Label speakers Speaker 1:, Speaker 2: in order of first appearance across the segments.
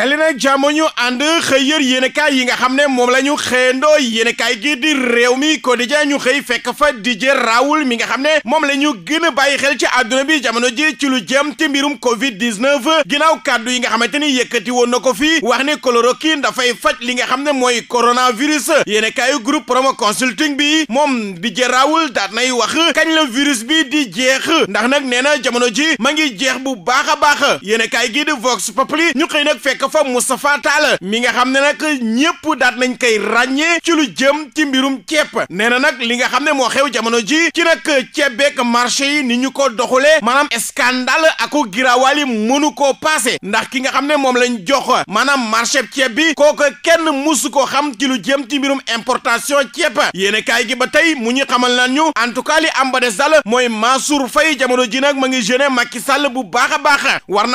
Speaker 1: dali nag jàmmo ñu ànd xëy yër yéenekaay yi nga xam ne moom la ñu xëyandoo yéenekaay gi di réew mi quotidien ñu xëy fekk fa Didier Raoult mi nga xam ne moom la ñu gën a bàyyi xel ci àdduna bi jamono ji ci lu jëm ci mbirum covid 19 ginnaaw kàddu yi nga xamante ni yëkkati woon na ko fii wax ne chloroquine dafay faj li nga xam ne mooy coronavirus yéenekaayu groupe promo consulting bi moom Didier Raoult daat nay wax kañ la virus bi di jeex ndax nag nee na jamono ji ma ngi jeex bu baax a baax yéenekaay gi di Vox Populi xëy nag fa Moustapha Tall mi nga xam ne nag ñëpp daat nañ koy ràññee ci lu jëm ci mbirum ceeb nee na nag li nga xam ne moo xew jamono ji ci nag ceeb beek marché yi ni ñu ko doxalee maanaam scandale ak giraawaal yi mënu koo paase ndax ki nga xam ne moom lañ jox maanaam marché ceeb bi kooku kenn musu ko xam ci lu jëm ci mbirum importation ceeb yéen kaay gi ba tey mu ñu xamal nañu ñu en tout cas li am ba des daal mooy Mansour Faye jamono ji nag ma ngi jeune Macky Sall bu baax a baax war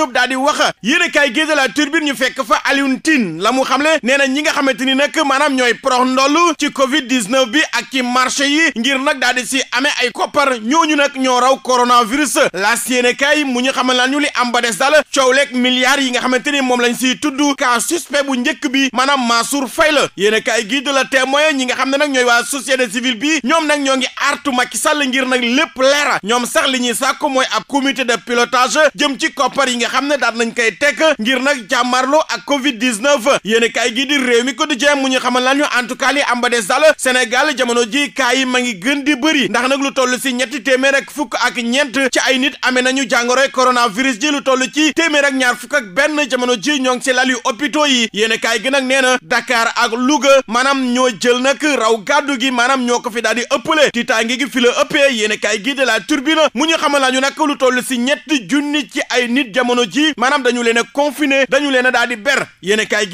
Speaker 1: Diop daal di wax yéenekaay gi de La Tribune ñu fekk fa Alioune Tine la xam xamle nee na ñi nga xamante ni nag maanaam ñooy prox ndoll ci Covid 19 bi ak ci marché yi ngir nag daal di si amee ay koppar ñooñu nag ñoo raw coronavirus laas yéenekaay mu ñu xamal nañu li am ba des daal coow leeg milliards yi nga xamante ni moom lañ siy tudd cas suspect bu njëkk bi maanaam Mansour fay la yéenekaay gi de La Témoin ñi nga xam ne nag ñooy waa société civile bi ñoom nag ñoo ngi artu Macky Sall ngir nag lépp leera ñoom sax li ñuy sàkku mooy ab comité de pilotage jëm ci koppar yi nga xam ne daal nañ koy teg ngir nag jàmmarloo ak Covid 19 yéen kaay gii di réew mi quotidien mu ñu xamal lan ñu en tout cas li am ba des daal Sénégal jamono ji kaay yi ma ngi gën di bëri ndax nag lu toll si ñetti téeméer ak fukk ak ñeent ci ay nit amee nañu jàngoroy coronavirus ji lu toll ci téeméer ak ñaar fukk ak benn jamono ji ñoo ngi si lal yu hôpitaux yi yéen kaay gi nag nee na Dakar ak Louga maanaam ñoo jël nag raw gàddu gi maanaam ñoo ko fi daal di ëppale tiitaange gi fi la ëppee yéen kaay gii de la turbine mu ñu xamal la ñu nag lu toll si ñetti junni ci ay nit jamono jamono ji maanaam dañu leen a confiné leen daal di ber yéen a kaay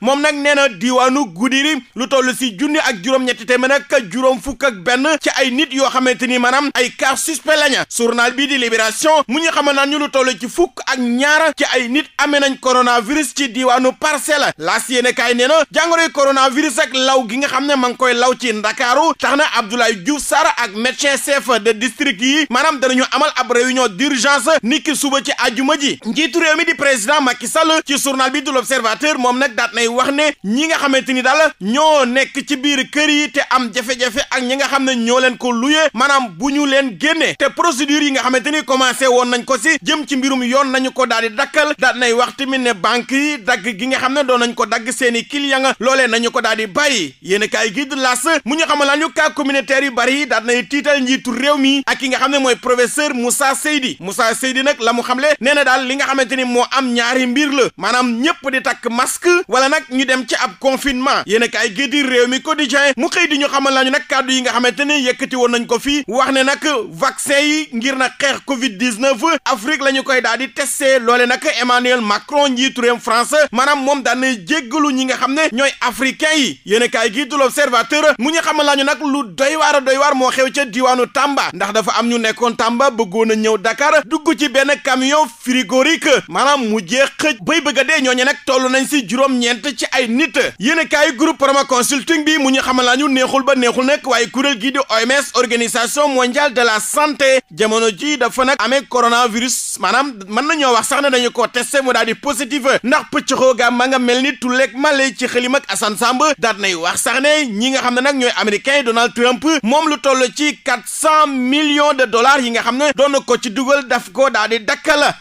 Speaker 1: moom nag nee na diiwaanu Goudiry lu toll si junni ak juróom-ñetti téeméer ak juróom fukk ak benn ci ay nit yoo xamante ni maanaam ay cas suspect lañu journal bii di Libération mu ñu xamal naan ñu lu toll ci fukk ak ñaar ci ay nit amee nañ coronavirus ci diiwaanu Parcelles laas yéen a kaay nee na jàngoroy coronavirus ak law gi nga xam ne ma ngi koy law ci Ndakaaru tax na Abdoulaye Diouf Sarr ak médecin chef de district yi maanaam ñu amal ab réunion d'urgence niki suba ci ajjuma ji njiitu réew mi di président Macky Sall ci journal bi du l'Observateur moom nag daat nay wax ne ñi nga xamante ni daal ñoo nekk ci biir kër yi te am jafe-jafe ak ñi nga xam ne ñoo leen ko luyee maanaam bu ñu leen génnee te procédure yi nga xamante ni commencé woon nañ ko si jëm ci mbirum yoon nañu ko daal di dakal daat nay wax tamit ne banque yi dagg gi nga xam ne doon nañ ko dagg seeni i client loolee nañu ko daal di bàyyi yéen a kaay gi di las mu ñu xamal ñu communautaire yu bari yi daat tiital njiitu réew mi ak ki nga xam ne mooy professeur Moussa Seydi Moussa Seydi nag la mu xamle nee na daal li nga xamante ni moo am ñaari mbir la maanaam ñëpp di takk masque wala nag ñu dem ci ab confinement yéen a kaay gi di réew mi quotidien mu xëy di ñu xamal la nag kaddu yi nga xamante ni yëkkati woon nañ ko fii wax ne nag vaccin yi ngir na xeex Covid 19 Afrique la ñu koy daal di testé loole nag Emmanuel Macron njiitu réewum France maanaam moom daa na jéggalu ñi nga xam ne ñooy africain yi yéen a kaay gi du l'observateur mu ñu xamal la ñu nag lu doy waar a doy moo xew ca diwaanu Tamba ndax dafa am ñu nekkoon Tamba bëggoon a ñëw Dakar dugg ci benn camion ginnaaw frigorique maanaam mu jee xëj bay bëgg a dee ñooñu nag toll nañ si juróom-ñeent ci ay nit yéen kaay groupe Prama Consulting bi mu ñu xamal laa ñu neexul ba neexul nag waaye kuréel gii di OMS organisation mondiale de la santé jamono ji dafa nag amee coronavirus maanaam mën nañoo wax sax ne dañu ko testé mu daal di positif ndax pëccëxoo gaa ma nga mel ni tulleeg male ci xëlim ak Assane Samb daat nay wax sax ne ñi nga xam ne nag ñooy américain Donald Trump moom lu toll ci quatre cent millions de dollars yi nga xam ne doon na ko ci dugal daf ko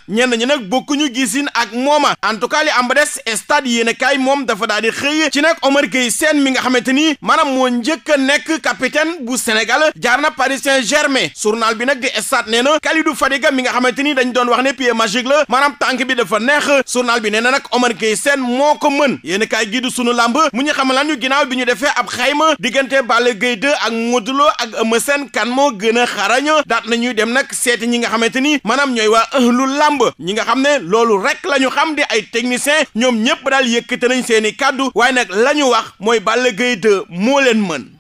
Speaker 1: ñenn ñi nag bokkuñu gisin ak mooma en tout cas li am ba des stade yéene kaay moom dafa daal di ci nag Omar Gueye Sène mi nga xamante ni maanaam moo njëkk a nekk capitaine bu Sénégal jaar na Paris Saint-Germain journal bi nag di stade nee na Kalidou Fadiga mi nga xamante ni dañu doon wax ne pied magique la maanaam tànk bi dafa neex journal bi nee na nag Omar Gueye Sène moo ko mën yéen kaay gii du sunu làmb mu ñu xamalaan ñu ginnaaw bi ñu defee ab xayma diggante Balla Gaye 2 ak Modou Lo ak Eumeu Sène moo gën a xarañ daat nañuy dem nag seeti ñi nga xamante ni làmb ñi nga xam ne loolu rek la ñu xam di ay technicien ñoom ñëpp daal yëkkate nañ seen i kàddu waaye nag la ñu wax mooy Balla Gaye 2 moo leen mën